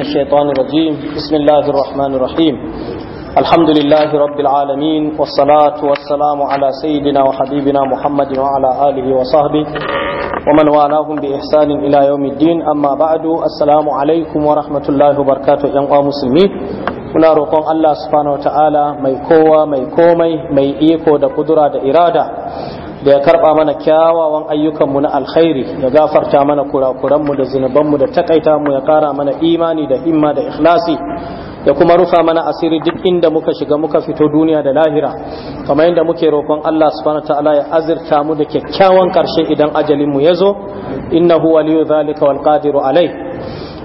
الشيطان الرجيم بسم الله الرحمن الرحيم الحمد لله رب العالمين والصلاة والسلام على سيدنا وحبيبنا محمد وعلى آله وصحبه ومن والاهم بإحسان إلى يوم الدين أما بعد السلام عليكم ورحمة الله وبركاته يا مسلمين muna roƙon Allah subhanahu wataala mai kowa mai komai mai iko da kudura da irada da ya karba mana kyawawan ayyukanmu na alkhairi ya gafarta mana kurakuranmu da zunubanmu da takaita mu ya kara mana imani da himma da ikhlasi ya kuma rufa mana asiri duk inda muka shiga muka fito duniya da lahira kamar yadda muke roƙon Allah subhanahu ta'ala ya azirta mu da kyakkyawan karshe idan ajalin mu yazo innahu waliyu zalika wal qadiru alai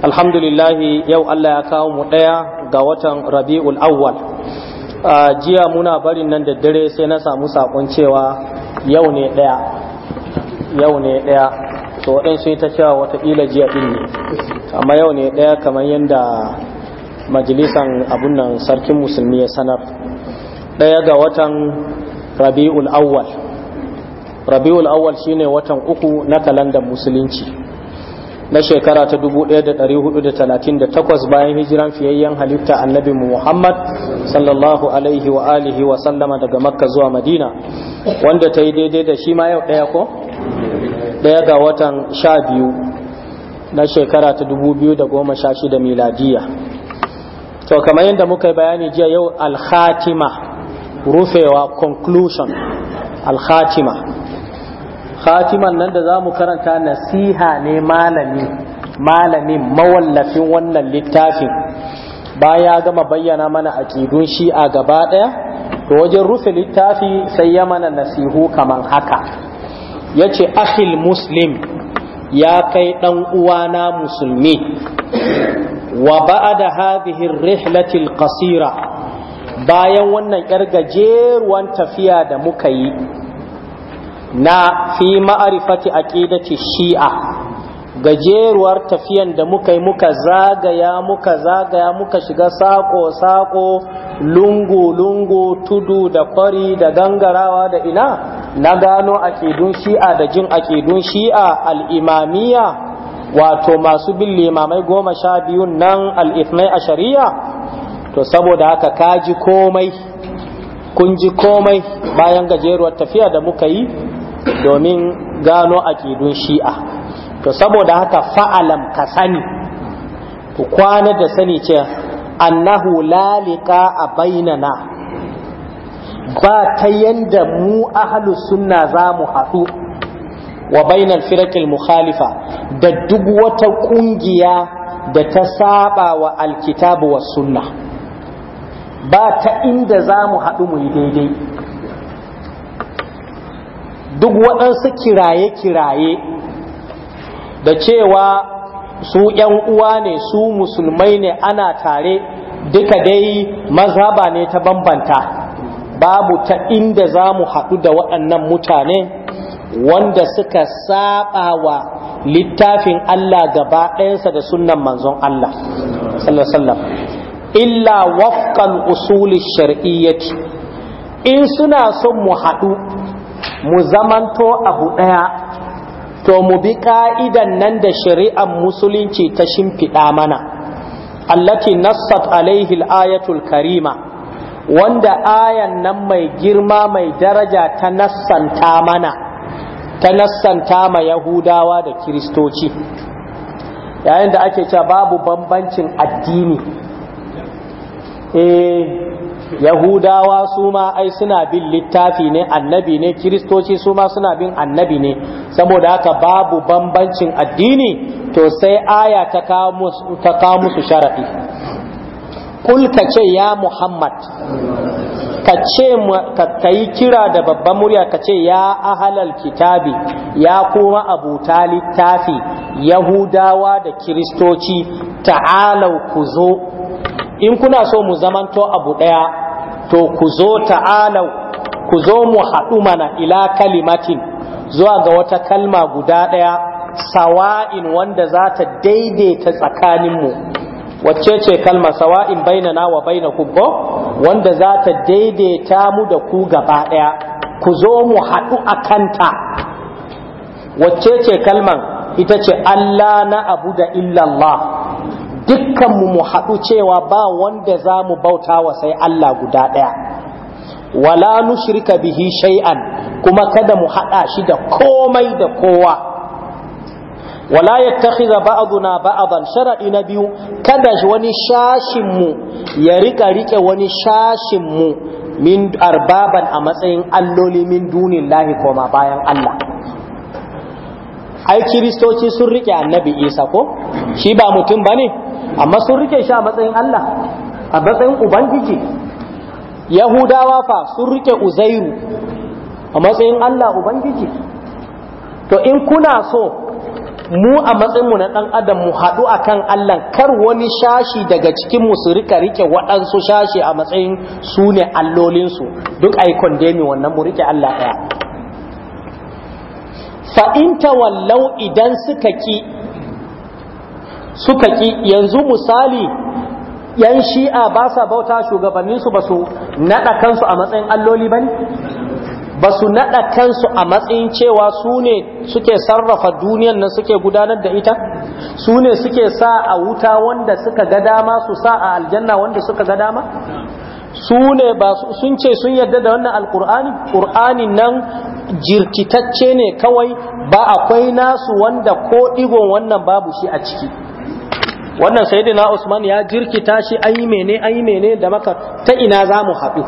alhamdulillah yau Allah ya kawo mu daya ga watan rabiul awwal jiya muna barin nan da dare sai na samu sakon cewa yau ne ɗaya yau ne ɗaya to yi ita cewa watakila jiya ɗin ne amma yau ne ɗaya kamar yadda majalisan abun nan sarkin musulmi ya sanar ɗaya ga watan rabi'ul awwal rabi'ul awwal shine watan uku na kalandar musulunci na shekara ta 1438 bayan hijiran fiyayyen halitta annabi Muhammad sallallahu alaihi wa alihi wa sallama daga Makka zuwa Madina wanda ta yi daidai da shi ma yau ɗaya ko? ɗaya ga watan sha biyu na shekara ta 2016 miladiya to kamar yadda muka yi bayani jiya yau alhatima rufewa conclusion alhatima khatiman nan da za mu karanta nasiha ne malami malamin mawallafin wannan littafin baya gama bayyana mana aƙidun shi a gaba ɗaya to wajen rufe littafi sai ya mana nasihu kamar haka ya ce ahil muslim ya kai ɗan uwana musulmi wa ba'ada hadhihi rihlatil qasira bayan wannan yar gajeruwan tafiya da muka yi na fi ma'arifati aqidati shi'a gajeruwar tafiyan da muka yi muka zagaya muka zagaya muka shiga sako-sako lungu-lungu tudu da kwari da gangarawa da ina na gano aƙidun shi'a da jin aƙidun shi'a al'imamiya wato masu bin limamai goma sha biyun nan al'ifnai a shari'a to saboda haka kaji komai kun ji komai bayan gajeruwar tafiya da muka yi domin gano aƙidun shi'a to saboda haka fa'alam ka sani ku kwana da sani ce annahu laliƙa a bainana ba ta yanda mu ahlus sunna za mu haɗu wa bainal firakil mukhalifa da duk wata ƙungiya da ta saba wa alkitabu wa sunna ba ta inda za mu haɗu mu daidai duk waɗansu kiraye-kiraye da cewa su ‘yan uwa ne su musulmai ne ana tare duka dai mazhaba ne ta bambanta babu ta inda za mu haɗu da waɗannan mutane wanda suka saba wa littafin Allah gaba ɗayansa da sunan manzon Allah sallallahu illa wafƙan usuli shari'iyyaci in suna son mu haɗu mu zamanto abu ɗaya to mu bi ka'idan nan da shari'ar musulunci ta shimfiɗa mana allati nassat alaihi ayatul karima wanda ayan nan mai girma mai daraja ta nassanta mana ta nassanta ma yahudawa da kiristoci yayin da ake cewa babu bambancin addini eh yahudawa su ma ai suna bin littafi ne annabi ne kiristoci su ma suna bin annabi ne saboda haka babu bambancin addini to sai aya ta kawo musu sharaɗi kul ka ce ya muhammad ka ce ka yi kira da babban murya ka ce ya ahalal kitabi ya kuma abuta littafi yahudawa da kiristoci ta'alau ku zo in kuna so mu zamanto abu ɗaya to ku zo ta'alau ku zo mu haɗu mana ila kalimatin zuwa ga wata kalma guda ɗaya sawa'in wanda za ta daidaita tsakaninmu wacce ce kalma sawa'in bainana wa baina kubbo wanda za ta daidaita mu da ku gaba ɗaya ku zo mu haɗu a kanta wacce ce kalman ita ce Allah na abu da illallah dukkanmu mu haɗu cewa ba wanda za mu bauta wa sai Allah guda ɗaya wala nushrika bihi shay'an kuma kada mu haɗa shi da komai da kowa wala yattakhidha ba'duna ba'dan shar'i na biyu kada shi wani shashin mu ya rika rike wani shashin mu min arbaban a matsayin alloli min dunillahi koma bayan Allah ai kiristoci sun rike annabi isa ko shi ba mutum bane amma sun rike shi a matsayin Allah a matsayin ubangiji yahudawa fa sun rike uzairu a matsayin Allah ubangiji to in kuna so mu a matsayinmu na ɗan adam mu haɗu a kan Allah kar wani shashi daga cikinmu su rika rike waɗansu shashi a matsayin su ne allolinsu duk a yi wannan mu rike Allah ɗaya fa'inta wallau idan suka ki suka ki yanzu misali yan shi'a ba sa bauta shugabanninsu ba su naɗa kansu a matsayin alloli ba ne ba su naɗa kansu a matsayin cewa su ne suke sarrafa duniyan nan suke gudanar da ita su ne suke sa a wuta wanda suka ga dama su sa a aljanna wanda suka ga dama su ne ba sun ce sun yarda da wannan alkur'ani Ƙur'ani nan jirkitacce ne kawai ba akwai nasu wanda ko ɗigon wannan babu shi a ciki wannan sayyidina Usman ya jirkita shi ai mene ai mene da maka ta ina za mu haɗu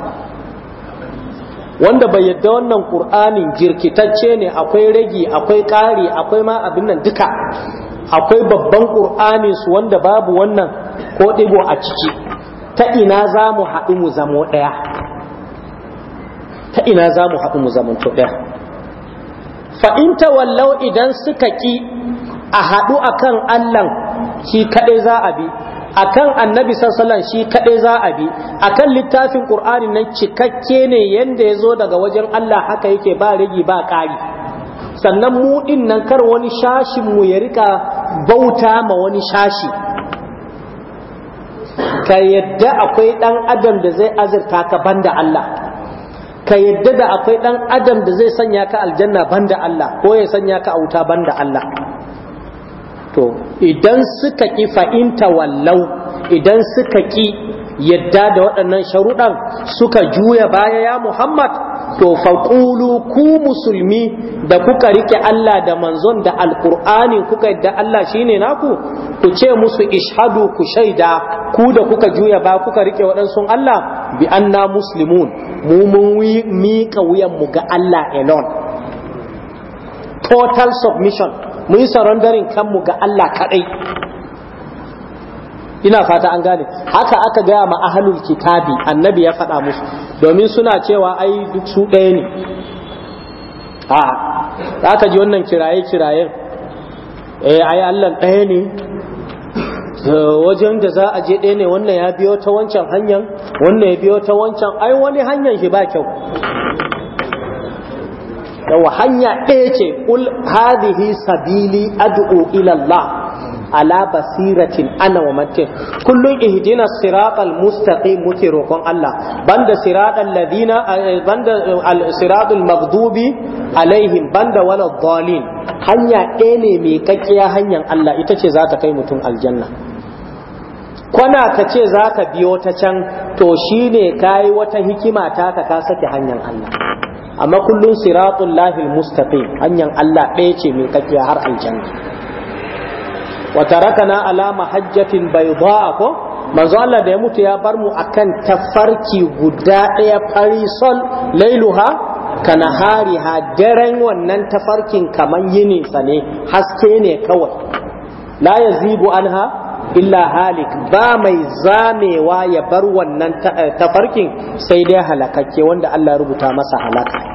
wanda bai yadda wannan qur'anin jirkitacce ne akwai ragi akwai ƙari akwai ma abin nan duka akwai babban qur'anin su wanda babu wannan ko ɗigo a ciki ta ina za mu haɗu mu zamo ɗaya ta ina za mu haɗu mu zamanto ɗaya fa in tawallau idan suka ki a haɗu akan Allah shi kaɗai za a bi a kan annabi sassalan shi kaɗai za a bi a kan littafin ƙur'ani nan cikakke ne yadda ya zo daga wajen Allah haka yake ba rigi ba ƙari sannan mu ɗin nan kar wani shashin mu ya rika bauta ma wani shashi ka yadda akwai dan adam da zai azurta ka banda Allah ka yadda da akwai ɗan adam da zai sanya ka aljanna banda Allah ko ya sanya ka auta banda Allah to idan suka ƙi fa'inta wallau idan suka ƙi yadda da waɗannan sharuɗan suka juya baya ya Muhammad to faƙulu ku musulmi da kuka rike Allah da manzon da alƙur'ani kuka yadda Allah shine naku ku ce musu ishadu ku shaida ku da kuka juya ba kuka rike waɗansu Allah bi anna muslimun mu mun miƙa wuyanmu ga Allah alone total submission mu yi sarondarin kanmu ga Allah kaɗai ina fata an gane haka aka gaya ma ahalul kitabi annabi ya faɗa musu domin suna cewa ai duk su ɗaya ne a aka ji wannan kiraye kirayen eh ai Allah ɗaya ne eh, wajen da za a je ɗaya ne wannan ya biyo ta wancan hanyar wannan ya biyo ta wancan ai wani hanyar shi ba kyau yawa hanya ɗaya ce kul hadihi sabili ad'u ila Allah ala basiratin ana wa mantin kullun ihdina siratal mustaqim muke roƙon Allah banda siratal ladina eh, banda eh, siratul maghdubi alaihim banda wala dhalin hanya ɗaya ne mai kakkiya hanyar Allah ita ce za ta kai mutum aljanna kwana ka ce za ka biyo ta can to shine kayi wata hikima ta ka sake hanyar Allah amma kullun siratul lahil mustaqim hanyar Allah ɗaya ce mai kafiya har aljanna wa tarakana ala mahajjatin bayda ko manzo Allah da ya mutu ya bar mu akan tafarki guda ɗaya farisol lailuha kana hari ha daren wannan tafarkin kaman yini sane ne haske ne kawai la yazibu anha illa halik ba mai zamewa ya bar wannan eh, tafarkin sai dai halakakke wanda Allah rubuta masa halaka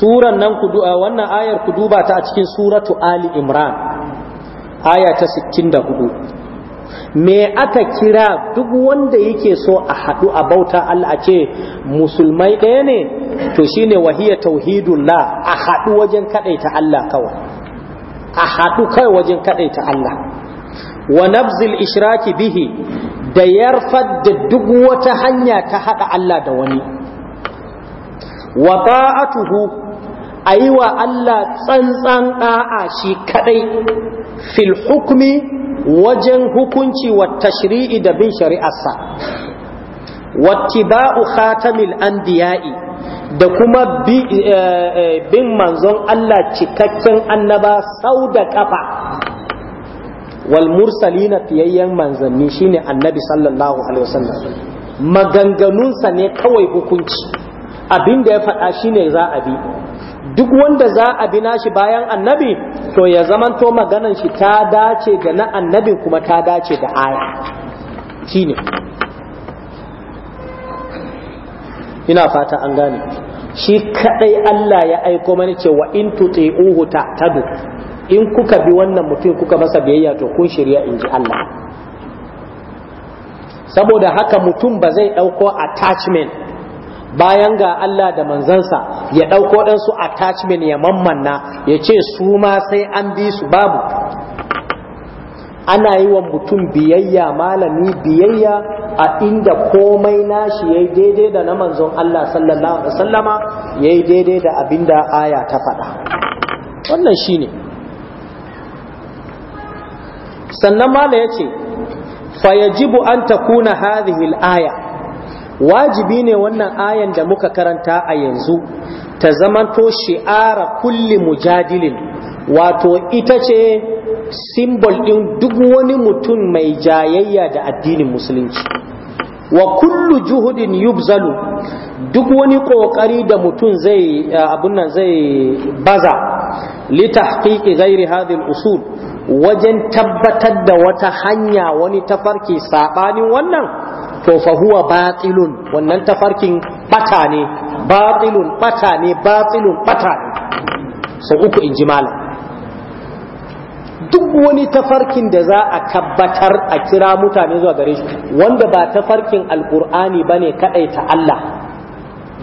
suran nan ku wannan ayar ku duba ta a cikin suratu ali imran aya ta 64 me aka kira duk wanda yake so a haɗu a bauta Allah a ce musulmai ɗaya ne to shine wahiya tauhidullah a haɗu wajen kadaita Allah kawai a haɗu kai wajen kadaita Allah wa nabzil ishraki bihi da yarfar da duk wata hanya ta haɗa Allah da wani wa ta'atuhu a yi wa Allah tsantsan ɗa'a shi kaɗai fil hukumi wajen hukunci wa tashri'i da bin shari'arsa wattiba'u khatamil anbiya'i da kuma eh, eh, bin manzon Allah cikakken annaba sau da ƙafa. wal na fiyayyen manzanni shine annabi sallallahu alaihi wasallam maganganunsa ne kawai hukunci abin da ya faɗa shine za a bi duk wanda za a bi shi bayan annabi to ya zamanto maganan shi ta dace da na annabi kuma ta dace da aya shine ina fata an gane shi kadai Allah ya aiko mana cewa in tuti'uhu ta'tadu in kuka bi wannan mutum kuka masa biyayya to kun shirya in ji Allah saboda haka mutum ba zai dauko attachment bayan ga Allah da manzansa ya ɗauko ɗansu attachment ya mammanna ya ce su ma sai an bi su babu ana yi wa mutum biyayya malami biyayya a inda komai nashi ya yi daidai da na manzon Allah sallallahu alaihi wasallama ya yi daidai da abinda aya ta faɗa wannan shi ne sannan mala ya ce fayajibu an takuna hadhihi al-aya wajibi ne wannan ayan da muka karanta a yanzu ta zamanto shi'ara kulli mujadilin wato ita ce simbol ɗin duk wani mutum mai jayayya da addinin musulunci wa kullu juhudin yubzalu duk wani ƙoƙari da mutum zai nan zai baza litahqiqi ghairi hadhihi al-usul wajen tabbatar da wata hanya wani tafarki sabanin wannan to fa huwa batilun wannan tafarkin bata ne batilun bata ne batilun bata ne sai uku in ji malam duk wani tafarkin da za a tabbatar a kira mutane zuwa gare shi wanda ba tafarkin alkur'ani bane ne ta Allah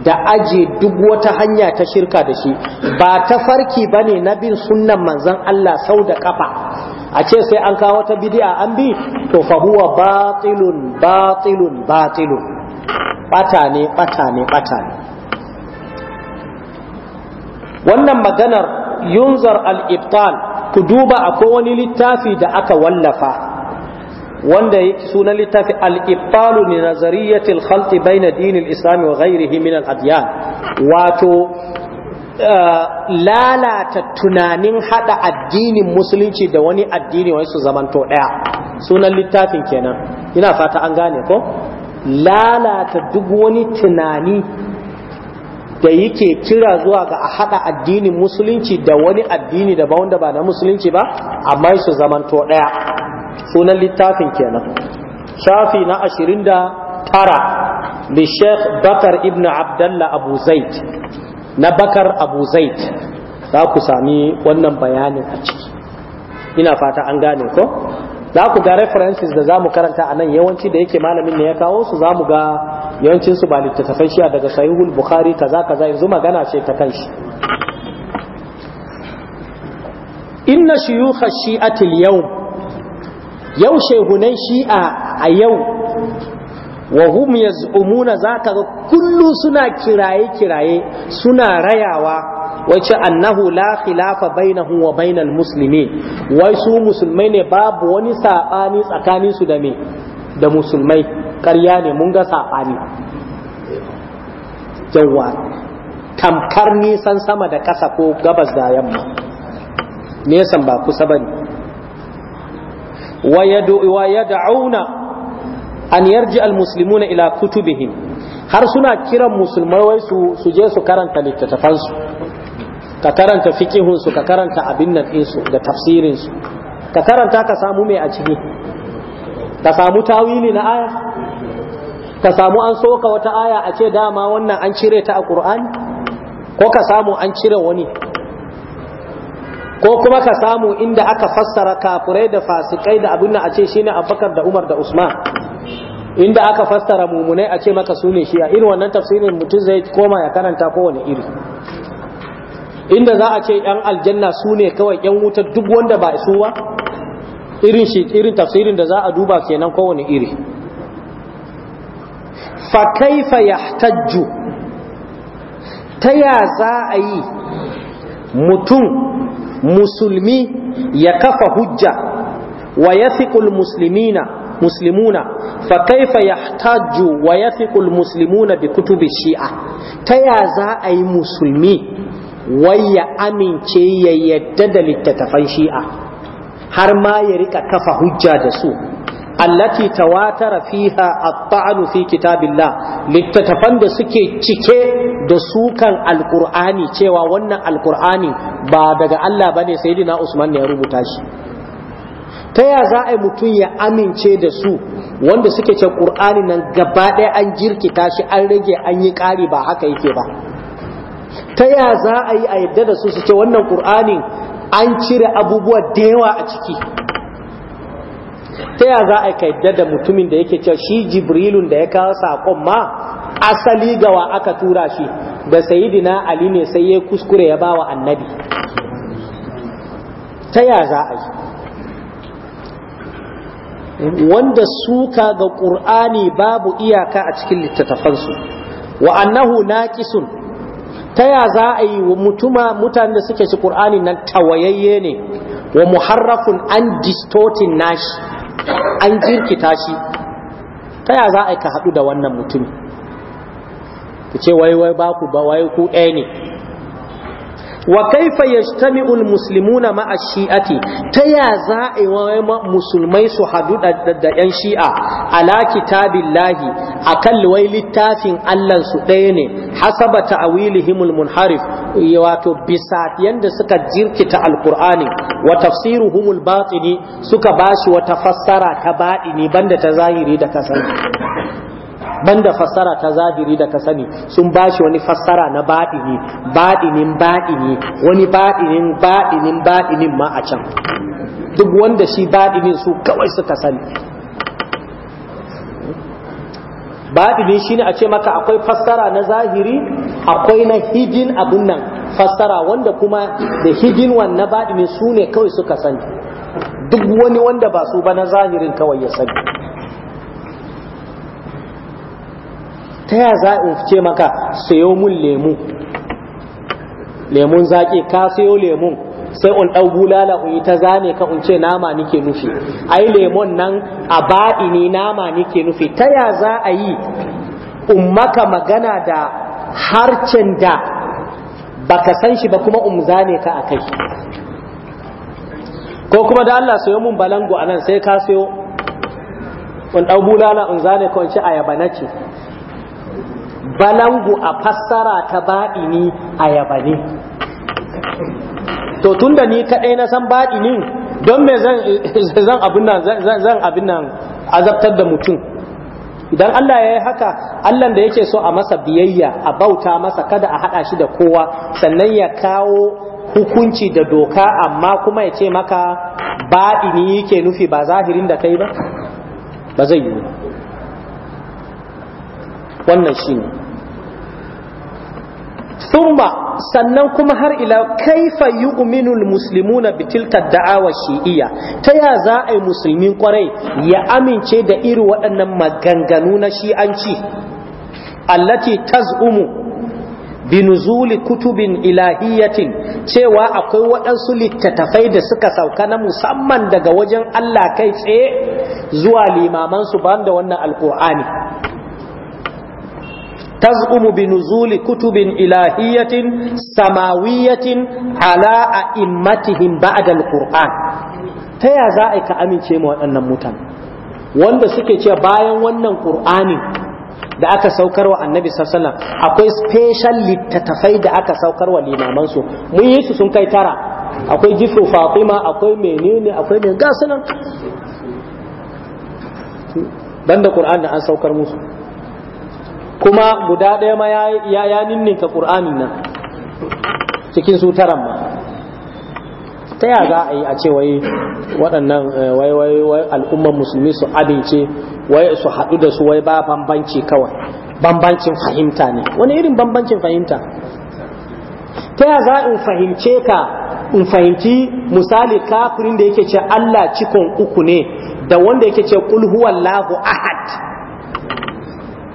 da aje duk wata hanya ta shirka da shi ba tafarki ba ne na bin sunnan manzan Allah sau da ƙafa. a ce sai an kawo wata bidi'a an bi to fa huwa batilun batilun batilun bata ne bata ne bata ne wannan maganar yunzar al-ibtal ku duba akwai wani littafi da aka wallafa wanda sunan littafi al-ibtalu min nazariyatil khalti baina dinil islam wa ghairihi min al-adyan wato lalata tunanin hada addinin musulunci da wani addini wani su zamanto daya sunan littafin kenan ina fata an gane ko lalata duk wani tunani da yake kira zuwa ga a haɗa addinin musulunci da wani addini da wanda ba na musulunci ba amma su zamanto ɗaya sunan littafin kenan shafi na ashirin da tara da sheikh bakar ibn abdallah abu na bakar abu za ku sami wannan bayanin a ciki ina fata an gane ko za ku ga references da za mu karanta a nan yawanci da yake malamin ne ya kawo su za mu ga yawancin su ba littattafan shi daga sahihul bukhari kaza kaza yanzu magana ce ta kanshi inna shuyukh shi'ati al yau shehunan shi'a a yau wa hum yaz'umuna zaka ga kullu suna kiraye kiraye suna rayawa wace annahu la khilafa bainahu wa bainal muslimin wai su musulmai ne babu wani sabani tsakanin su da me da musulmai ƙarya ne mun ga sabani yawa tamkar nisan sama da ƙasa ko gabas da yamma nesan ba kusa bane wa yad'una an yarji almuslimuna ila kutubihim har suna kiran musulmai wai su su je su karanta su ka karanta fikihun su ka karanta abin nan su da tafsirin su ka karanta ka samu mai a ciki ka samu tawili na aya ka samu an soka wata aya a ce dama wannan an cire ta a Qur'ani ko ka samu an cire wani ko kuma ka samu inda aka fassara kafurai da fasikai da abin a ce shine Abubakar da Umar da Usman inda aka fassara mumunai a ce maka sune shi shi'a irin wannan tafsirin mutum zai koma ya karanta kowane iri inda za a ce yan aljanna su ne kawai yan wuta duk wanda ba su ba irin shi irin tafsirin da za a duba kenan kowane iri fa kaifa yahtajju ta ya za a yi mutum musulmi ya kafa hujja wa yathiqul muslimina muslimuna fa kaifa yahtaju wa yafiqu muslimuna bi kutubi shi'a ta ya za a yi musulmi wai ya amince ya yadda da littattafan shi'a har ma ya rika kafa hujja da su allati tawatara fiha at-ta'nu fi kitabillah littattafan da suke cike da sukan alqur'ani cewa wannan alqur'ani ba daga Allah bane sayyidina Usman ne ya rubuta shi ta ya za a yi mutum ya amince da su wanda suke ce ƙur'ani nan gaba ɗaya an jirki shi an rage an yi ƙari ba haka yake ba ta ya za a yi a yadda da su su ce wannan ƙur'anin an cire abubuwa da yawa a ciki ta ya za a yi ka yadda da mutumin da yake cewa shi jibrilun da ya kawo saƙon ma asali gawa aka tura shi da sayidina ali ne sai ya kuskure ya ba wa annabi ta ya za a yi wanda suka ga ƙur'ani babu iyaka a cikin littattafansu wa annahu naqisun ta ya za a yi wa mutuma mutanen da suke ci ƙur'ani nan tawayayye ne wa muharrafun an distortin nashi an jirkita shi ta ya za a yi ka haɗu da wannan mutumi ku ce wai wai ba ku ba wai ku ɗaya ne wa kaifa yajtami'u almuslimuna ma'a shi'ati ta ya za a musulmai su hadu da yan shi'a ala kitabillahi akan wai littafin Allah su ɗaya ne hasaba ta'wilihim munharif eh, wato bisa yanda suka jirkita alqur'ani wa tafsiruhum albatini suka bashi wata fassara ta baɗini banda ta zahiri da kasance banda fassara ta zahiri da ka sani sun ba shi wani fassara na baɗini baɗinin baɗini wani baɗinin baɗinin baɗinin ma a can duk wanda shi baɗinin su kawai suka sani baɗinin shi ne a ce maka akwai fassara na zahiri akwai na hidin abun nan fassara wanda kuma da hidin wannan baɗinin su ne kawai suka sani duk wani wanda ba su ba na zahirin kawai ya sani ta ya za in ce maka sayo mun lemu lemun zaƙi ka sayo lemun sai un ɗau bulala un yi ta zane ka un ce nama nike nufi ai lemon nan a baɗi ni nama nike nufi ta ya za a yi un maka magana da harcen da baka san shi ba kuma um zane ka a kai ko kuma da Allah sayo mun balango anan sai ka sayo un ɗau bulala un zane ka un ce ayaba na balangu a fassara ta baɗini a yabane to tun da ni kaɗai na san baɗinin don me zan abin azabtar da mutum idan Allah ya yi haka Allah da yake so a masa biyayya a bauta masa kada a haɗa shi da kowa sannan ya kawo hukunci da doka amma kuma ya ce maka ni yake nufi ba zahirin da kai ba ba zai yi wannan shi ne thumma sannan kuma har ila kaifa yu'minul muslimuna bitilka da'awa shi'iyya ta ya za a yi musulmin kwarai ya amince da iri waɗannan maganganu na shi'anci allati taz'umu binuzuli kutubin ilahiyatin cewa akwai waɗansu littattafai da suka sauka na musamman daga wajen Allah kai tsaye zuwa limamansu ban da wannan alkur'ani تزعم بنزول كتب kutubin ilahiyatin samawiyatin أئمتهم بعد القرآن alquran ta أمين za a ka amince mu wanda suke cewa bayan wannan qur'ani da aka saukar wa annabi sallallahu alaihi akwai special littattafai da aka saukar wa limaman su mun yi su sun kai tara akwai jifu fatima akwai menene akwai ne gasu nan banda qur'ani da an saukar musu kuma guda ɗaya ma ya ya ninninka ƙur'anin nan cikin su taran ma ta ya za a yi a ce wai waɗannan eh, wai wai wai al'ummar musulmi su abince wai su haɗu da su wai ba bambanci kawai bambancin fahimta ne wani irin bambancin fahimta ta ya za in fahimce ka in fahimci misali kafirin da yake ce Allah cikon uku ne da wanda yake ce kul huwallahu ahad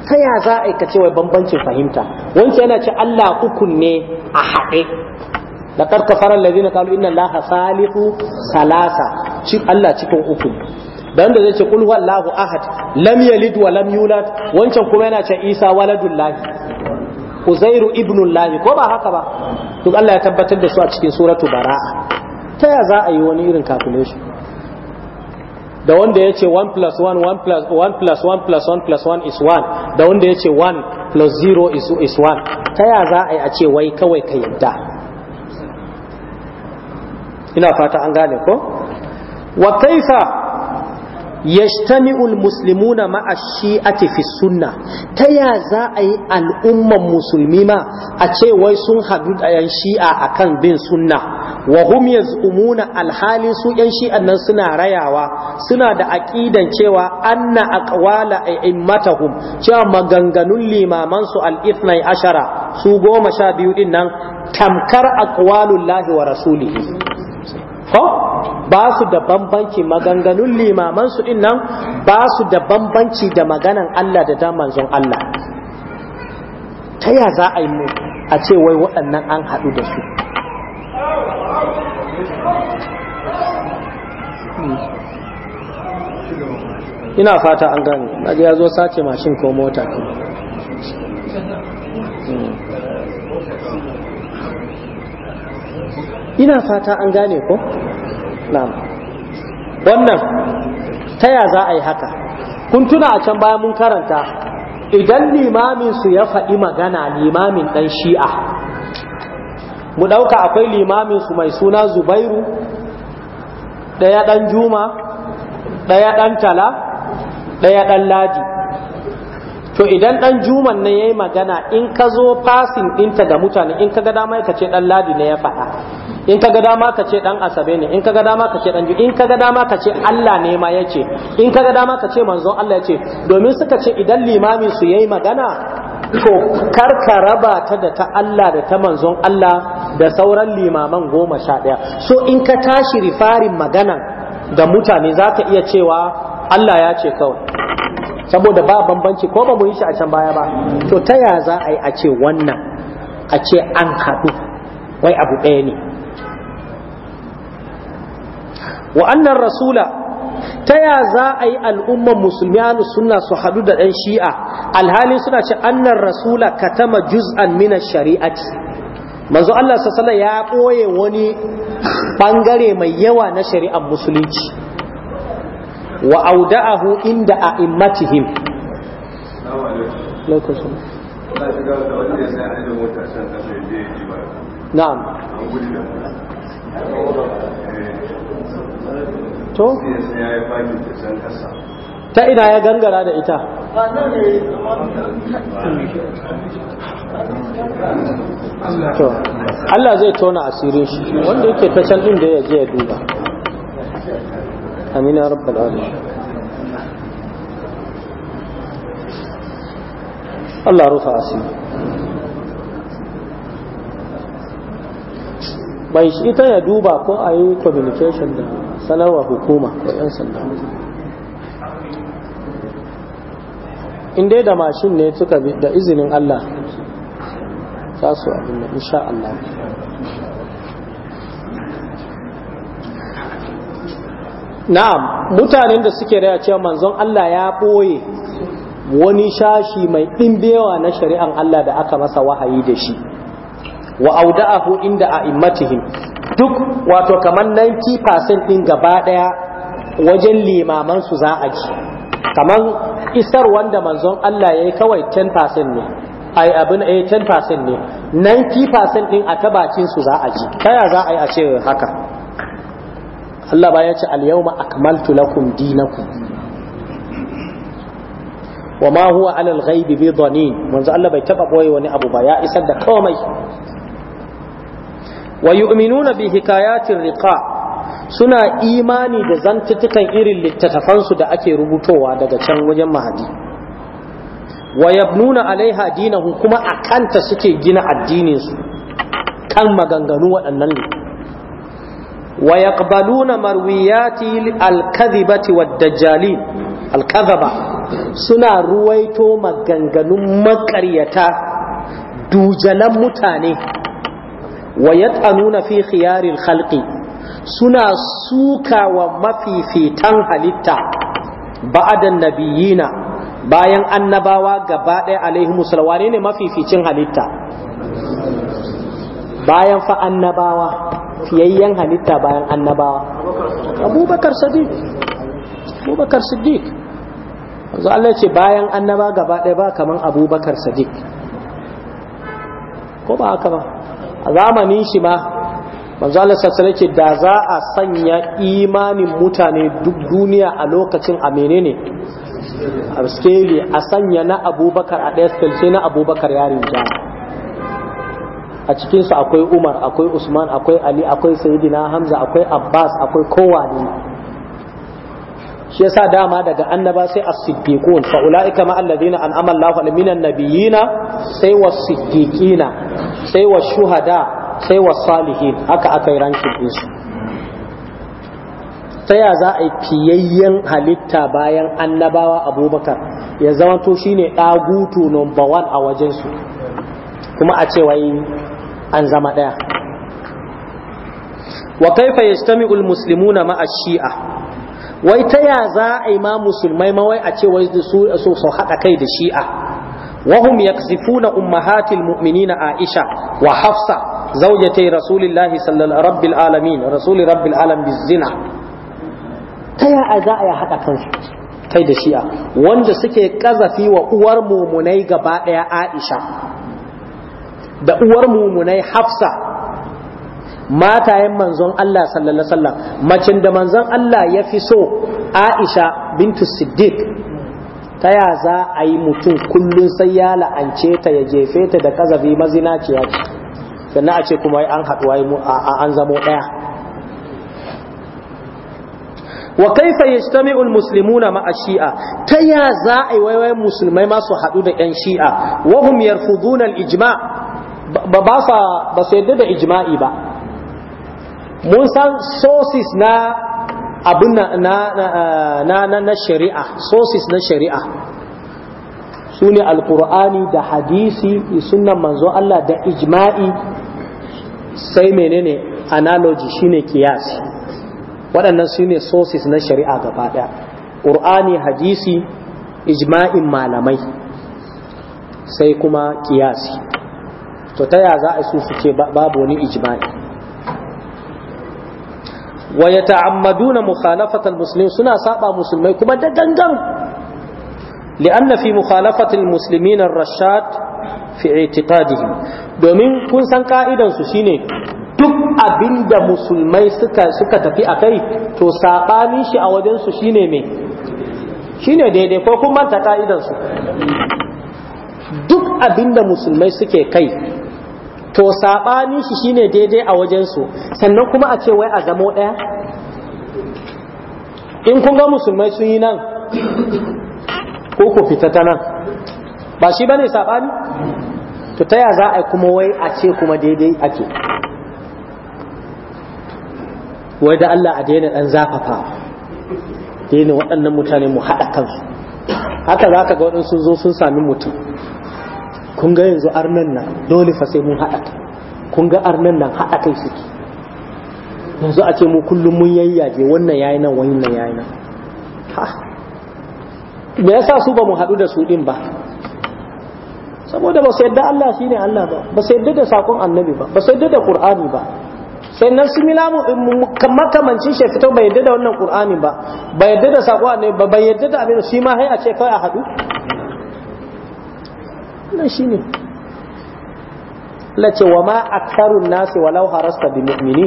ta ya za a aikace wai bambancin fahimta wancan yana ce Allah uku ne a haɗe laqad kafara allazina qalu inna laha salihu salasa shi Allah cikin uku Da wanda zai ce qul huwallahu ahad lam yalid wa lam wancan kuma yana ce Isa waladullahi Uzairu ibn lahi ko ba haka ba Duk Allah ya tabbatar da su a cikin suratu Bara'a ta za a yi wani irin calculation da wanda ya ce 1 plus 1 1 plus 1 plus 1 plus 1 is 1 da wanda ya ce 1 plus 0 is, is 1 ta ya za a yi a ce wai kawai ka yadda ina fata an gane ko wa kaifa yajtami'ul muslimuna ma'ashi a tafi suna ta ya za a yi al'umman musulmi ma a ce wai sun haɗu ɗayan yan shi'a akan bin suna wa hum yaz'umuna alhali su yan shi'an nan suna rayawa suna da aqidan cewa anna aqwala a'immatahum cewa maganganun limaman su al-ithnai ashara su goma sha biyu din nan tamkar aqwalullahi wa rasulihi ko ba su da bambanci maganganun limaman su din nan ba su da bambanci da maganan Allah da da manzon Allah ta ya za a yi a ce wai waɗannan an haɗu da su ina fata an gane daga ya zo sace mashin ko mota hmm. ina fata an gane ko na'am wannan ta ya za a yi haka kun tuna a can baya mun karanta idan limamin su ya faɗi magana limamin ɗan shi'a mu ɗauka akwai limamin su mai suna zubairu ɗaya ɗan juma ɗaya ɗan tala ɗaya ɗan ladi to idan ɗan juman ne ya yi magana in ka zo fasin ɗinta ga mutane in ka ga dama ka ce ɗan ladi ne ya faɗa in ka ga dama ka ce dan asabe ne in ka ga dama ka ce dan in ka ga dama ka ce Allah ne ma yace in ka ga dama ka ce manzon Allah yace domin suka ce idan limamin su yayi magana to karka raba ta da ta Allah da ta manzon Allah da sauran limaman goma sha ɗaya so in ka tashi rifarin magana da mutane za ka iya cewa Allah ya ce kawai saboda ba bambanci ko ba mu yi shi a can baya ba to ta ya za a yi a ce wannan a ce an haɗu wai abu ɗaya ne wa'annan rasula ta ya za a yi al'umman musulmi suna su haɗu da ɗan shi'a alhali suna ce annan rasula ka tama juz'an mina shari'ati manzo Allah sassana ya ɓoye wani ɓangare mai yawa na shari'ar musulunci wa auda'ahu inda a immatihim na'am ta ina ya gangara da ita to Allah zai tona asirin shi wanda yake ta can din da ya je ya duba amina rabbal alamin Allah rufa asiri bai shi ita ya duba ko a yi communication da sanarwa hukuma ko 'yan sanda in dai da mashin ne suka bi da izinin Allah za su abin da insha Allah na'am mutanen da suke raya cewa manzon Allah ya ɓoye wani shashi mai ɗimbewa na shari'an Allah da aka masa wahayi da shi wa auda'ahu inda a immatihim duk wato kamar 90% ɗin gaba ɗaya wajen limamansu za a ji kamar isar wanda manzon Allah ya yi kawai 10% ne ai abin a eh, 10% ne 90% din a tabacin su za a ji kaya za a yi a ce haka Allah ba ya ce al-yawma akmaltu lakum dinakum wa ma huwa alal ghaibi bi dhanin manzo Allah bai taba boye wani abu ba ya isar da komai wa yu'minuna bi hikayatir riqa suna imani da zantuttukan irin littattafansu da ake rubutowa daga can wajen mahadi wa yabnuna alaiha dinahu kuma a kanta suke gina addininsu kan maganganu waɗannan ne wa yaqbaluna marwiyati Alkazibati kadhibati wad suna ruwaito maganganun makaryata dujalan mutane wa yat'anuna fi khiyaril khalqi suna suka wa mafifitan halitta ba'adan nabiyina bayan annabawa gaba ɗaya alaihimu salwane ne mafificin halitta bayan fa annabawa fiyayyen halitta bayan annabawa abubakar sadiq abubakar sadiq yanzu Allah ce bayan annaba gaba ɗaya ba kaman abubakar sadiq ko ba haka ba a zamanin shi ma manzo Allah sassale ce da za a sanya imanin mutane duk duniya a lokacin a menene a skeli a sanya na abubakar a ɗaya skeli sai na abubakar yarin jana a cikinsu akwai umar akwai usman akwai ali akwai sayidina hamza akwai abbas akwai kowa ne shi dama daga annaba sai as-siddiqun fa ulaika ma alladhina an'ama Allahu alaihim minan nabiyina sai was-siddiqina sai was-shuhada sai wa salihin haka aka yi rankin dinsu ta ya za a yi fiyayyen halitta bayan annabawa abubakar ya zama to shi ne ɗagutu number one a wajensu kuma a ce wai an zama ɗaya wa kaifa yajtami'ul muslimuna ma'a shi'a wai ta ya za a yi ma musulmai ma wai a ce wai su su haɗa kai da shi'a وهم يقذفون أمهات المؤمنين عائشة وحفصة زوجتي رسول الله صلى رب العالمين رسول رب العالم بالزنا تيا أزاء يا حتى كنسو kai da shi'a wanda suke kazafi wa uwar mumunai gaba aisha da uwar mumunai hafsa matayen manzon Allah sallallahu alaihi wasallam macin da manzon Allah ya fi so aisha bintu siddiq ta ya za a yi mutum kullum sai ya la'ance ta ya jefe ta da kazabi mazinaciya ce sannan a ce kuma an haɗuwa an zamo ɗaya wa kaifa yajtami'u almuslimuna ma'a shi'a ta ya za a yi waiwai musulmai masu haɗu da ƴan shi'a wa hum yarfuduna al ba ba sa ba sai da ijma'i ba mun san sources na abin na na na shari'a sources na shari'a su ne alkur'ani da hadisi sunan manzo Allah da ijma'i sai menene analogy shine kiyasi waɗannan su ne sources na shari'a gaba ɗaya ƙur'ani hadisi ijma'in malamai sai kuma kiyasi to ta ya za a su su babu wani ijma'i wa yata'ammaduna mukhalafata almuslimin suna saba musulmai kuma da gangan لأن في مخالفة المسلمين الرشاد في اعتقادهم domin kun san ka'idansu shine duk abinda musulmai suka tafi a kai to saɓanin shi a wajensu shine me shine daidai ko kun manta ka'idansu duk abinda musulmai suke kai to saɓani shi shine daidai a wajensu sannan kuma a ce wai a zamo ɗaya in kun ga musulmai sun yi nan ko ku fita ta nan ba shi bane saɓani to ta ya za a kuma wai a ce kuma daidai ake wai da Allah a daina ɗan zafafa daina waɗannan mutane mu haɗa kansu haka za ka ga waɗansu zo sun sami mutum kun ga yanzu arnan nan dole fa sai mun haɗa kai kun ga arnan nan haɗa kai suke yanzu a ce mu kullum mun yayyage wannan yayi nan wannan yayi nan ha me yasa su ba mu haɗu da su din ba saboda ba su yadda Allah shine Allah ba ba su yadda da sakon annabi ba ba su yadda da qur'ani ba sai nan su mila makamancin shi fito bai yadda da wannan qur'ani ba bai yadda da sakon annabi ba bai yadda da abin shi ma hai a ce kai a haɗu wannan shi ne. lace wa ma karun nasi walau harasta bi mu'mini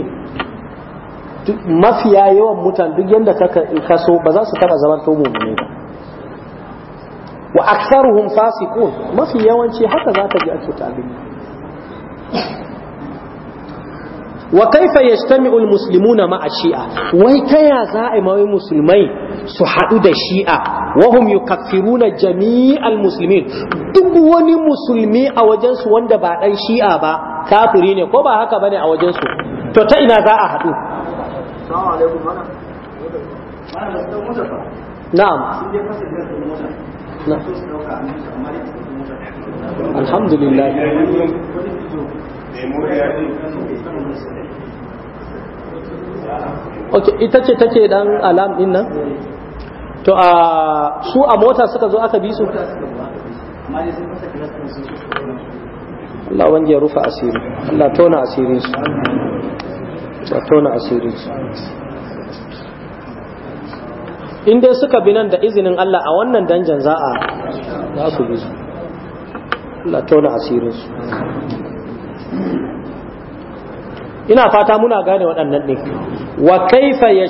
mafiya yawan mutan duk yadda ka kaso ba za su taba zaman to mu'mini ba wa aktharuhum fasiqun mafi yawanci haka za ka ji ake tabin wa kaifa yajtami'ul muslimuna ma'a shi'a wai ta ya za a mawai musulmai su haɗu da shi'a wahum yukaffiruna jami'al muslimin duk wani musulmi a wajen su wanda ba dan shi'a ba kafiri ne ko ba haka bane a wajen su to ta ina za a haɗu na'am alhamdulillah ok ita ce take dan alam din nan to a su a mota suka zo aka bi su Allah wanda ya rufa asiri Allah tona asirin su Allah tona asirin su in dai suka bi nan da izinin Allah a wannan danjan za a za su bi su Allah tona asirin su ina fata muna gane waɗannan ne. wa kaifa ya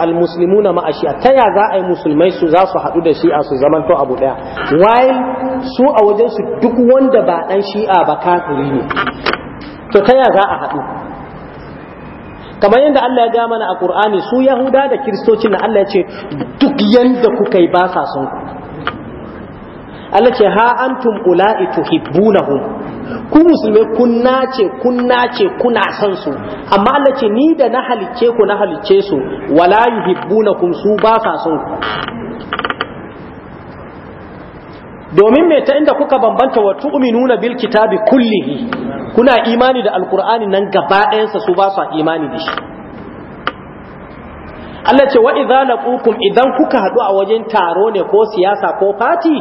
al-muslimuna ma'a shi'a ta ya za a yi musulmai su za su haɗu da shi'a su zaman abu ɗaya Waye su a wajen su duk wanda ba ɗan shi'a ba kafiri ne to ta ya za a haɗu kamar yadda Allah ya ga mana a Qur'ani su Yahuda da kiristoci na Allah ya ce duk yanda kuka yi ba sa son ku Allah ce ha antum ula'i tuhibbunahum ku musulmai kun nace kun nace kuna san su amma Allah ce ni da na halicce ku na halicce su wala yuhibbunakum su ba sa son ku domin me ta inda kuka bambanta wa tu'minuna bil kitabi kullihi kuna imani da alqur'ani nan gaba ɗayansa su ba sa imani da shi Allah ce wa idza laqukum idan kuka hadu a wajen taro ne ko siyasa ko fati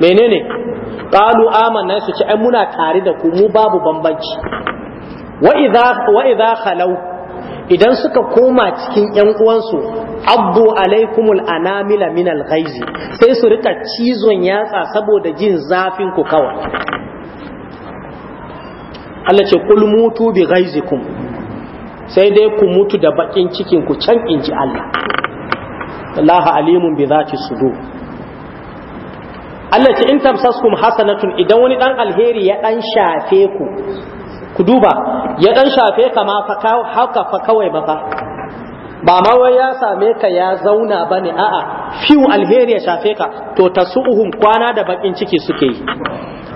menene qalu amanna su ce ai muna tare da ku mu babu bambanci wa idza wa idza khalaw idan suka koma cikin yan uwansu abdu alaikumul anamila min ghaizi sai su rika cizon yatsa saboda jin zafin ku kawai Allah ce kul mutu bi ghaizikum sai dai ku mutu da bakin cikin ku can inji Allah Allah alimun bi zati sudur Allah ce in tamsaskum hasanatun idan wani dan alheri ya dan shafe ku ku duba ya dan shafe ka ma fa haka fa kawai ba fa ba ma wai ya same ka ya zauna bane a'a fiu alheri ya shafe ka to tasuhum kwana da bakin ciki suke yi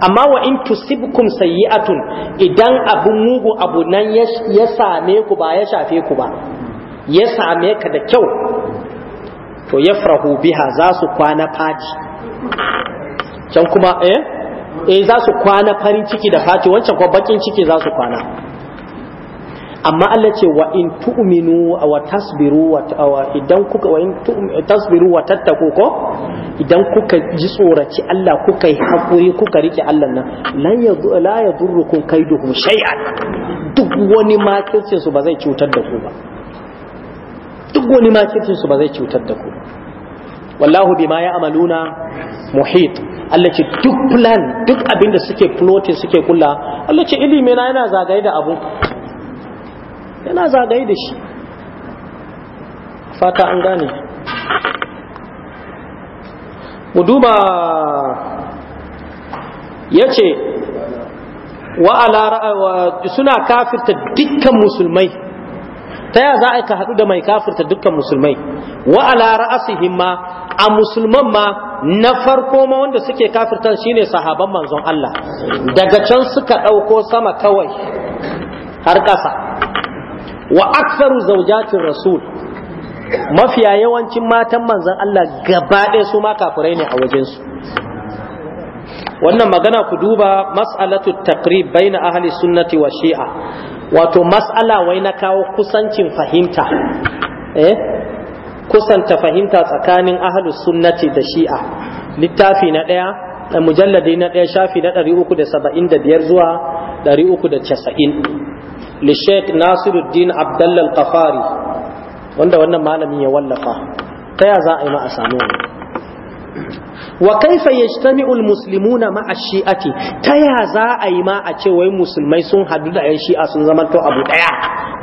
amma wa in tusibkum sayyi'atun idan abun mugu abu nan ya same ku ba ya shafe ku ba ya same ka da kyau to yafrahu biha za su kwana faji can kuma eh eh za su kwana farin ciki da fati wancan kuma bakin ciki za su kwana amma Allah ce wa in tu'minu wa tasbiru wa idan kuka wa in tasbiru wa tattaku ko idan kuka ji tsoraci Allah kuka yi hakuri kuka rike Allah nan lan yadu la yadurrukum kaiduhum shay'an duk wani makircin su ba zai cutar da ku ba duk wani makircin su ba zai cutar da ku wallahu bima ya'maluna muhit Allah ce duk plan duk abin da suke plotting suke kula Allah ce ilimi na yana zagaye da abu yana zagaye da shi fata an gane mu duba ya ce suna kafirta dukkan musulmai ta yaya za a ka haɗu da mai kafirta dukkan musulmai wa ala ra'asihim ma a musulman ma na farko ma wanda suke kafirtan shine sahaban manzon Allah daga can suka ɗauko sama kawai har ƙasa wa aksaru zaujatin rasul mafiya yawancin matan manzon Allah gaba ɗaya su ma kafirai ne a wajen su wannan magana ku duba mas'alatu taqrib baina ahli sunnati wa shi'a wato mas'ala wai na kawo kusancin fahimta eh kusanta fahimta tsakanin ahlus sunnati da shi'a littafi na ɗaya mujalladi na ɗaya shafi na biyar zuwa 390 casa'in sheikh nasiruddin abdallal qafari wanda wannan malamin ya wallafa ta ya za a yi ma a samu wani? wa kaifa yajtami'u almuslimuna ma'a shi'ati ta ya za a yi ma a ce wai musulmai sun hadu da yan shi'a sun zama to abu daya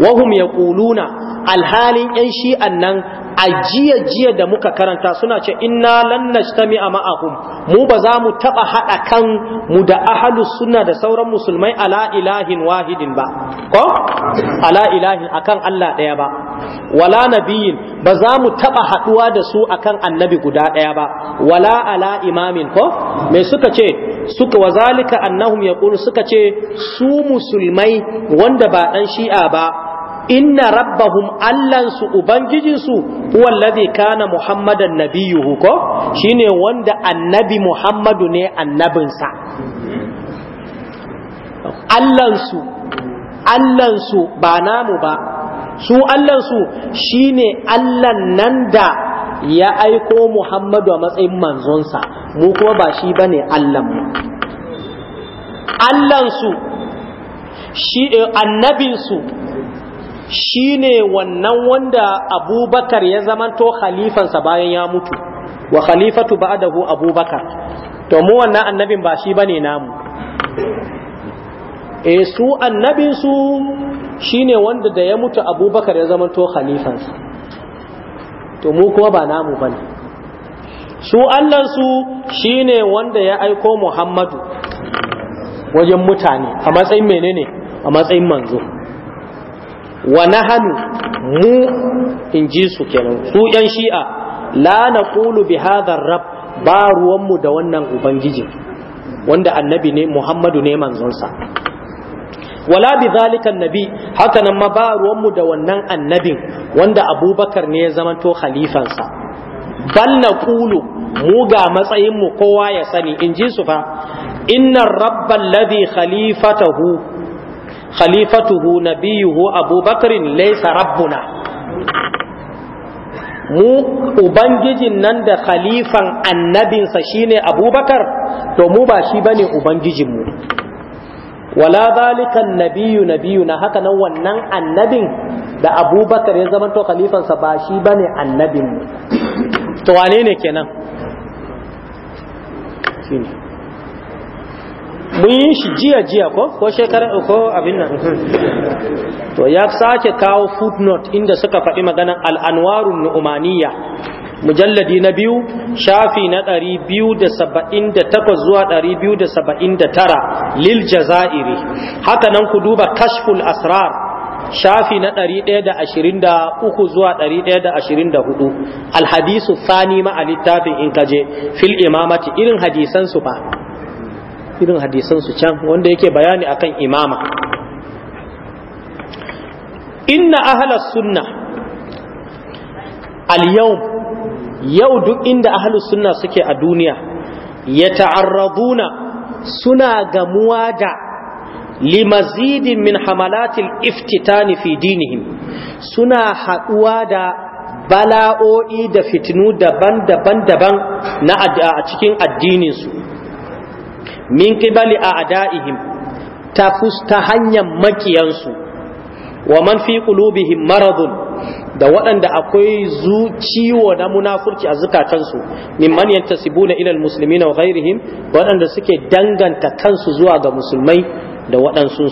wa hum yaquluna alhalin yan shi'an nan a jiya jiya da muka karanta suna ce inna lan najtami'a ma'ahum mu ba za mu taba hada kan mu da ahlus suna da sauran musulmai ala ilahin wahidin ba ko ala ilahin akan Allah daya ba wala nabiyin ba za mu taɓa haɗuwa da su akan annabi guda ɗaya ba wala ala imamin ko mai suka ce suka wa zalika annahum yaqulu suka ce su musulmai wanda ba ɗan shi'a ba inna rabbahum allansu ubangijinsu wallazi kana muhammadan nabiyuhu ko shine wanda annabi muhammadu ne annabinsa allan allansu ba namu ba su allansu shine allan nan da ya aiko muhammadu a matsayin manzonsa mu kuma ba shi ba ne allanmu allansu eh, annabinsu shi ne wannan wanda abubakar ya zamanto khalifansa bayan ya mutu wa khalifatu ba'dahu abubakar to mu wannan annabin ba shi bane namu e su annabinsu shi ne wanda da ya mutu abubakar ya zamanto khalifansa to mu kuma ba namu ba ne. su allansu ne wanda ya aiko muhammadu wajen mutane a matsayin menene a matsayin manzo wa nahanu mu in ji su kenan su yan shi'a la kulu bi hadha rab ba ruwanmu da wannan ubangijin wanda annabi ne muhammadu ne manzonsa wala bi zalika annabi haka nan ma ba ruwan mu da wannan annabin wanda abubakar ne ya zamanto khalifansa bal naqulu mu ga matsayin mu kowa ya sani in ji su fa inna rabbal ladhi khalifatahu khalifatuhu nabiyuhu abubakarin laysa rabbuna mu ubangijin nan da khalifan annabinsa shine abubakar to mu ba shi bane ubangijinmu wala zalikan nabiyu nabiyu na haka nan wannan annabin da abubakar ya zama to khalifansa ba shi ba ne annabin to wane ne kenan mun yi shi jiya jiya ko ko shekarar ko abin nan to ya sake kawo footnote inda suka faɗi maganan al'anwarun nu'umaniya mujalladi na biyu shafi na ɗari biyu da saba'in da takwas zuwa ɗari biyu da saba'in da tara lil jaza'iri haka nan ku duba kashful asrar shafi na ɗari ɗaya da ashirin da uku zuwa ɗari ɗaya da ashirin da hudu alhadisu sani ma a littafin in kaje fil imamati irin hadisansu ba irin hadisansu can wanda yake bayani akan imama inna ahalas sunna al-yawm yau duk inda ahalus sunna suke a duniya ya ta'arraduna suna gamuwa da limazidin min hamalatil iftitani fi dinihim suna haɗuwa da bala'o'i da fitinu daban-daban daban na a cikin addininsu min ƙibali a ada'ihim ta fusta hanyar makiyansu wa man fi qulubihim maradun da waɗanda akwai zu ciwo na munafurci a zukatansu mimman yantasibuna ila almuslimina wa ghairihim waɗanda suke danganta kansu zuwa ga musulmai da su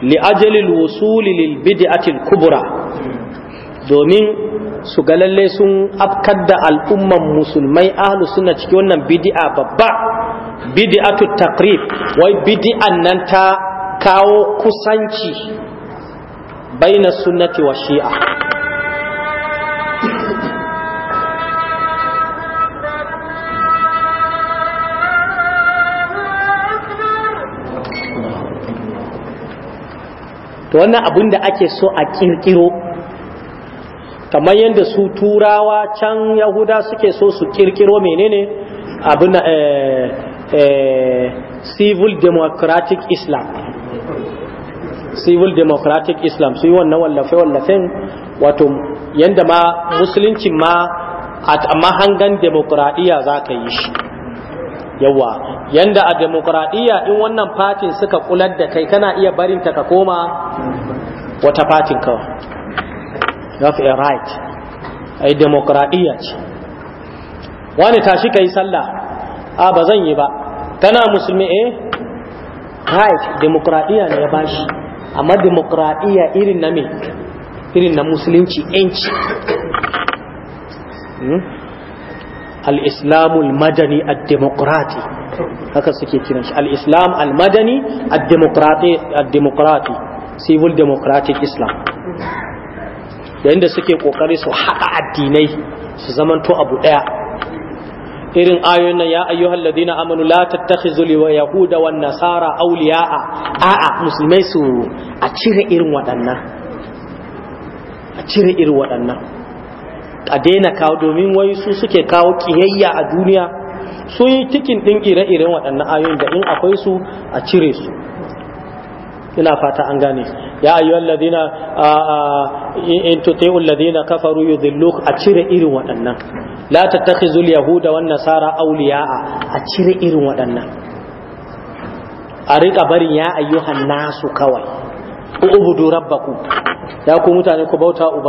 li ajalil wusuli lil bid'atil kubra domin su ga lalle sun afkar da al'umman musulmai ahlu sunna cikin wannan bid'a babba bid'atu taqrib wai bid'an nan ta kawo kusanci baina sunnati wa shi'a to wannan abin da ake so a kirkiro kamar yadda su turawa can yahuda suke so su kirkiro menene abin eh, eh, civil democratic islam civil democratic islam su yi wannan wallafe-wallafen wato yadda ma musulunci ma a mahangan demokuraɗiyya za ka yi shi yawa yadda a demokuraɗiyya in wannan fatin suka kular da kai kana iya barinta ka koma wata fatin kawai fi a right yi demokuraɗiyya ce wani tashi ka yi sallah a ba zan yi ba kana musulmi eh right demokuraɗiyya ne ya bashi amma demokradiyya irin na me irin na musulunci yanci hmm? al-islamu madani ad-demokrati haka suke kiran shi al-islam al-madani ad-demokrati civil democratic islam yayin da suke kokari su haɗa addinai su zamanto abu ɗaya irin ayoyin nan ya ayyuhal ladina amanu la tattakhizu wa yahuda wan nasara awliya'a a'a musulmai su a cire irin waɗannan a cire irin waɗannan a daina kawo domin wai su suke kawo kiyayya a duniya su yi tikin ɗin ire-iren waɗannan ayoyin da in akwai su a cire su ina fata an gane ya ayyuhal ladina in tuti'u alladhina kafaru yudhilluk a cire irin waɗannan la tattakhizul yahuda wan nasara awliya'a a cire irin waɗannan a rika barin ya ayyuhan nasu kawai ubudu rabbakum ya ku mutane ku bauta ku.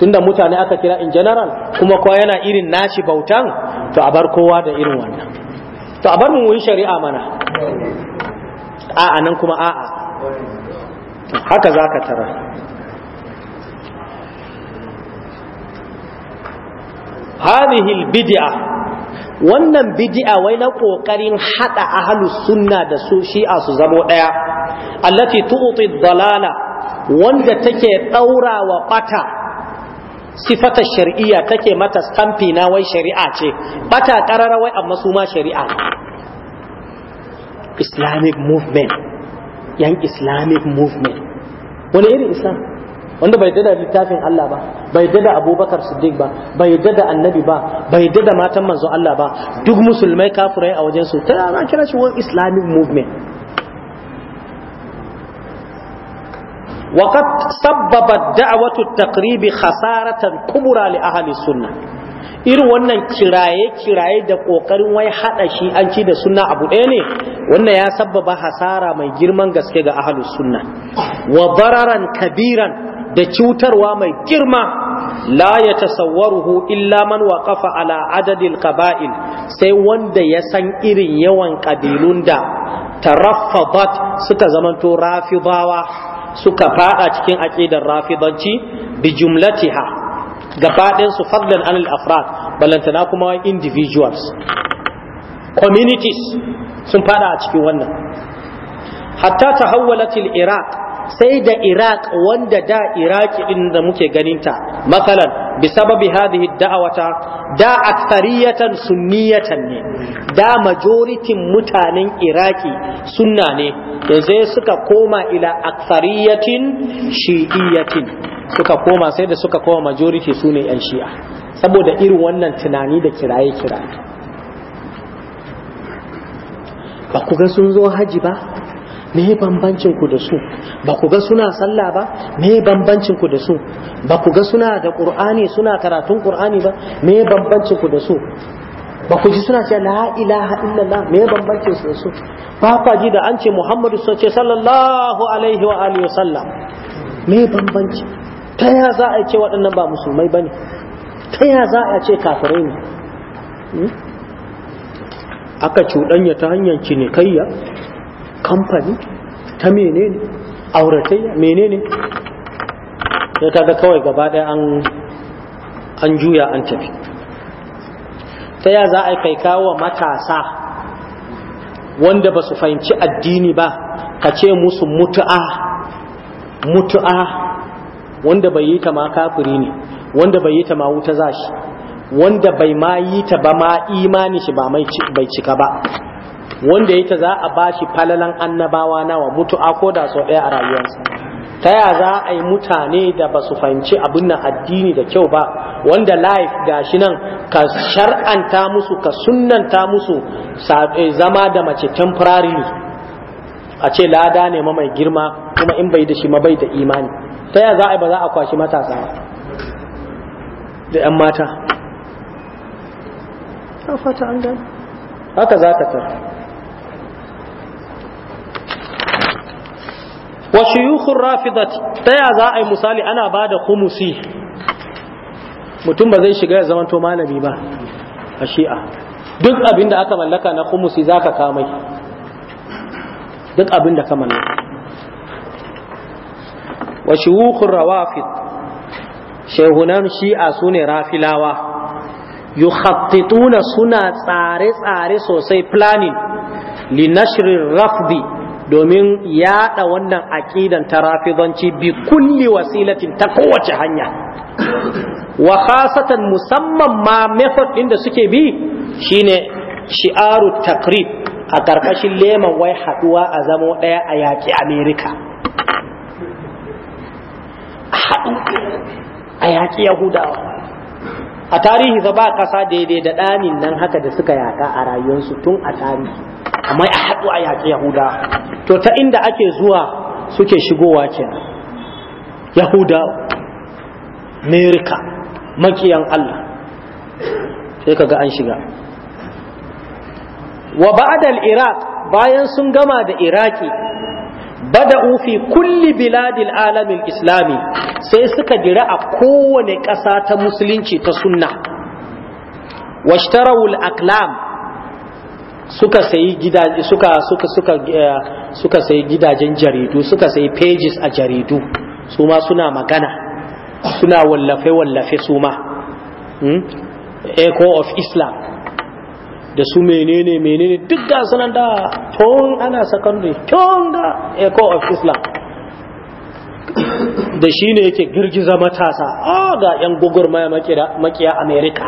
tunda mutane aka kira in general kuma kowa yana irin nashi bautan to a bar kowa da irin wannan to a bar mu yi shari'a mana a'a nan kuma a'a haka za ka tara hadihil bid'a wannan Bidi'a wai na kokarin hada ahlus sunna da su shi'a su zamo daya allati tu'ti dalala wanda take daura wa bata sifata shar'iyya take mata stampi na wai shari'a ce bata karara wai amma su ma shari'a islamic movement yan islamic movement wani irin islam wanda bai dada littafin Allah ba bai dada abubakar siddiq ba bai dada annabi ba bai dada matan manzon Allah ba duk musulmai kafirai a wajen su ta za kira shi wani islamic movement وقد سببت دعوة التقريب خسارة كبرى لأهل السنة irin wannan kiraye-kiraye da ƙoƙarin wai haɗa shi an ci da sunna abu ɗaya ne wannan ya sababa hasara mai girman gaske ga ahalus sunna wa bararan kabiran da cutarwa mai girma la ya tasawwaruhu illa man waqafa ala adadil qaba'il sai wanda ya san irin yawan kabilun da tarafadat suka zamanto rafidawa suka faɗa cikin aqidar rafidanci bi jumlatiha gabaɗin su fadlan an al-afrad ballantana kuma individuals communities sun fada a cikin wannan hatta tahawwalat al-iraq sai da iraq wanda da iraki din da muke ganinta masalan bisababi hadhihi da'awata da aksariyatan sunniyatan ne da majoritin mutanen iraki sunna ne yanzu suka koma ila akthariyatin shi'iyatin suka koma sai da suka koma majority su ne 'yan shi'a saboda irin wannan tunani da kiraye-kiraye ba ku ga sun zo haji ba me bambancin ku da su ba ku ga suna sallah ba me bambancin ku da su ba ku ga suna da qur'ani suna karatun qur'ani ba me bambancin ku da su ba ku ji suna cewa la ilaha illallah me bambancin su da su ba ku ji da an ce muhammadu sallallahu alaihi wa alihi wasallam sallam me bambanci ta ya za a ce waɗannan ba musulmai ba ne ta ya za a ce kafirai ne hmm? aka cuɗanya ta hanyar cinikayya kamfani ta menene auratayya menene sai kaga kawai gaba ɗaya an juya an tafi ta ya za a kai kawo matasa wanda ba su fahimci addini ba ka ce musu mutu'a mutu'a wanda bai yi ta ma kafiri ne wanda bai yi ta ma wuta za shi wanda bai ma yi ta ba ma imani shi ba bai cika ba wanda yi ta za a ba shi falalan annabawa nawa mutu a koda sau ɗaya a rayuwarsa ta ya za a yi mutane da ba su fahimci abin nan addini da kyau ba wanda life shi nan ka shar'anta musu ka sunnanta musu eh, zama da mace temporarily a ce lada ne ma mai girma kuma in bai da shi ma bai da imani ta yaya za a ba za a kwashi matasa da 'yan mata ta fata an gani haka za ta tara wa yukun rafidat ta yaya za a yi misali ana ba da kumusi mutum ba zai shiga ya zamanto malami ba a shi'a duk abin da aka mallaka na kumusi za ka kamai duk abin da ka mallaka wa shuhukhur rawafid shehunan shi'a sune rafilawa yukhattituna suna tsare tsare sosai planning li nashrir rafdi domin yada wannan aqidan ta rafidanci bi kulli wasilatin ta kowace hanya wa khasatan musamman ma method din da suke bi shine shi'aru takrib a karkashin leman wai haduwa a zamo daya a yaki america haɗu a yaƙi yahudawa a tarihi fa ba ƙasa daidai da ɗanin nan haka da suka yaƙa a rayuwarsu tun a tarihi amma a haɗu a yaƙi yahudawa to ta inda ake zuwa suke shigowa kenan yahuda amerika makiyan allah sai ka ga an shiga wa ba'dal iraq bayan sun gama da iraki bada'u fi kulli biladil alamin islami sai suka gira a kowane ƙasa ta musulunci ta sunna washtarawul aklam suka sayi gidaje suka suka suka eh, suka sayi gidajen jaridu suka sayi pages a jaridu su ma suna magana suna wallafe wallafe su ma hmm? echo of islam da su menene menene duk ga sunan da tun ana secondary tun da echo of islam da shi ne yake girgiza matasa a ga 'yan gugurmaya makiya amerika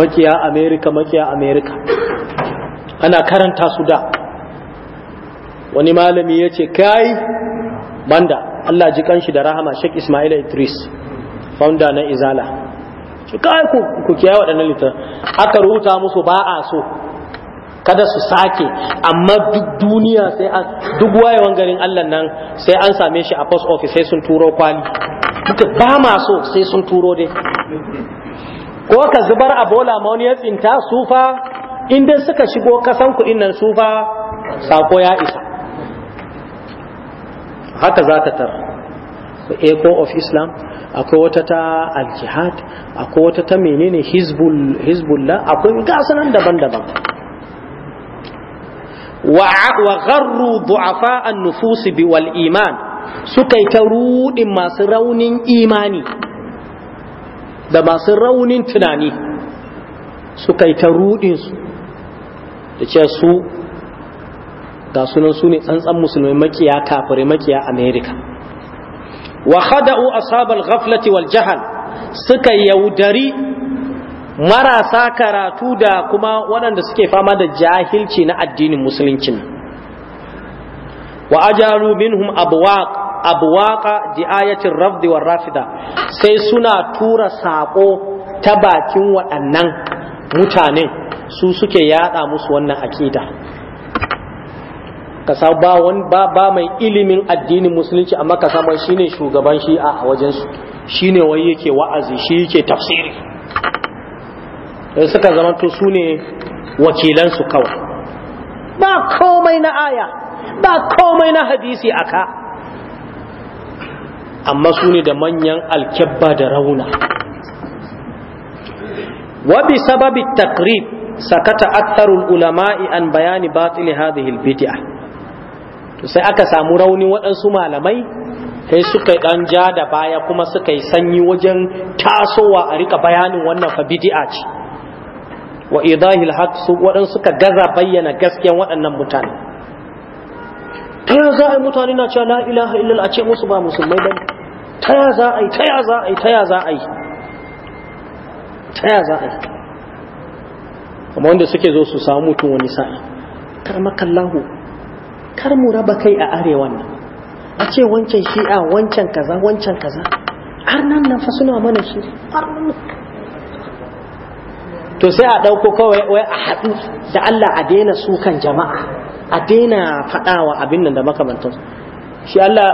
makiya amerika makiya amerika ana karanta su da wani malami ya ce kai banda allah ji kanshi da rahama sheikh ismaila idris founder na izala shi kai ku ku kiyaye waɗannan littafin aka rubuta musu ba a so kada su sake amma duk duniya sai an duk wayewan garin Allah nan sai an same shi a post office sai sun turo kwali duka ba ma so sai sun turo dai ko ka zubar a bola ma wani ya tsinta sufa inda dai suka shigo kasan kuɗin nan sufa sako ya isa haka za ta tar echo eh, of islam akwai wata ta al-jihad akwai wata ta menene hizbullah akwai gasanan daban-daban wa gharru du'afa an-nufus wal iman suka yi ta rudin masu raunin imani da masu raunin tunani suka yi ta rudin su da ce su ga sunan su ne tsantsan musulmai makiya kafirai makiya america wa khada'u ashabal ghaflati wal jahal suka yaudari marasa karatu da kuma waɗanda suke fama da jahilci na addinin musulunci wa ajaru minhum abwaq abwaqa ayatin rafd war rafida sai suna tura sako ta bakin waɗannan mutanen su suke yada musu wannan akida ka ba wani ba ba mai ilimin addinin musulunci amma ka mai shine shugaban shi'a a wajen su shine wai yake wa'azi shi yake tafsiri suka zama to su ne wakilan su kawai ba komai na aya ba komai na hadisi aka amma su ne da manyan alkebba da rauna wabi sababi takrib sakata aktarul ulama'i an bayani batil hadhihi albid'ah to sai aka samu rauni waɗansu malamai sai suka ɗan ja da baya kuma suka yi sanyi wajen tasowa a rika bayanin wannan fa bid'a ce wa idahil haq su waɗansu suka gaza bayyana gaskiyar waɗannan mutane ta ya za a yi mutane na cewa la'ilaha illal a ce musu ba musulmai ba ta ya za a yi ta ya za a yi ta ya za a yi ta ya za a yi kuma wanda suke zo su samu mutum wani sa'i kar makallahu kar mu raba kai a arewan nan a ce wancan shi'a wancan kaza wancan kaza har nan nan fa suna mana shi har nan to sai a ɗauko kawai wai a hadu da Allah a daina sukan jama'a a daina faɗawa abin nan da makamantan shi Allah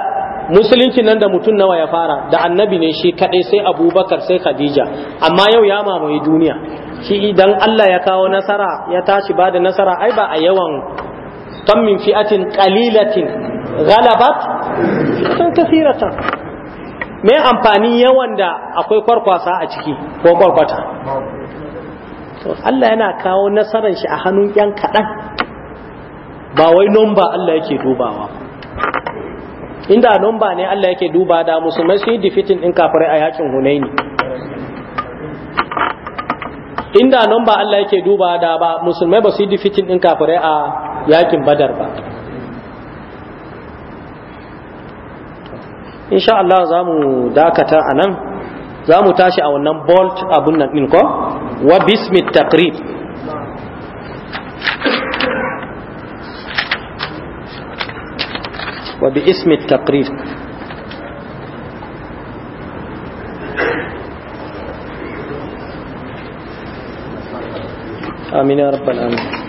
musulunci nan da mutum nawa ya fara da annabi ne shi kaɗai sai abubakar sai khadija amma yau ya mamaye duniya shi idan Allah ya kawo nasara ya tashi ba da nasara ai ba a yawan kam min fi'atin qalilatin ghalabat fi'atan kathiratan me amfani yawan da akwai kwarkwasa a ciki ko kwarkwata Allah yana kawo nasarar shi a hannun yan kaɗan ba wai nomba Allah yake dubawa inda nomba ne Allah yake duba da musulmai su yi defeating din kafirai a yakin Hunaini inda nomba Allah yake duba da ba musulmai ba su yi defeating din kafirai a yakin badar ba insha Allah za mu dakata anan nan za mu tashi a wannan bolt abun nan din ko wa bismi taqrib wa bi ismi taqrib آمين يا رب العالمين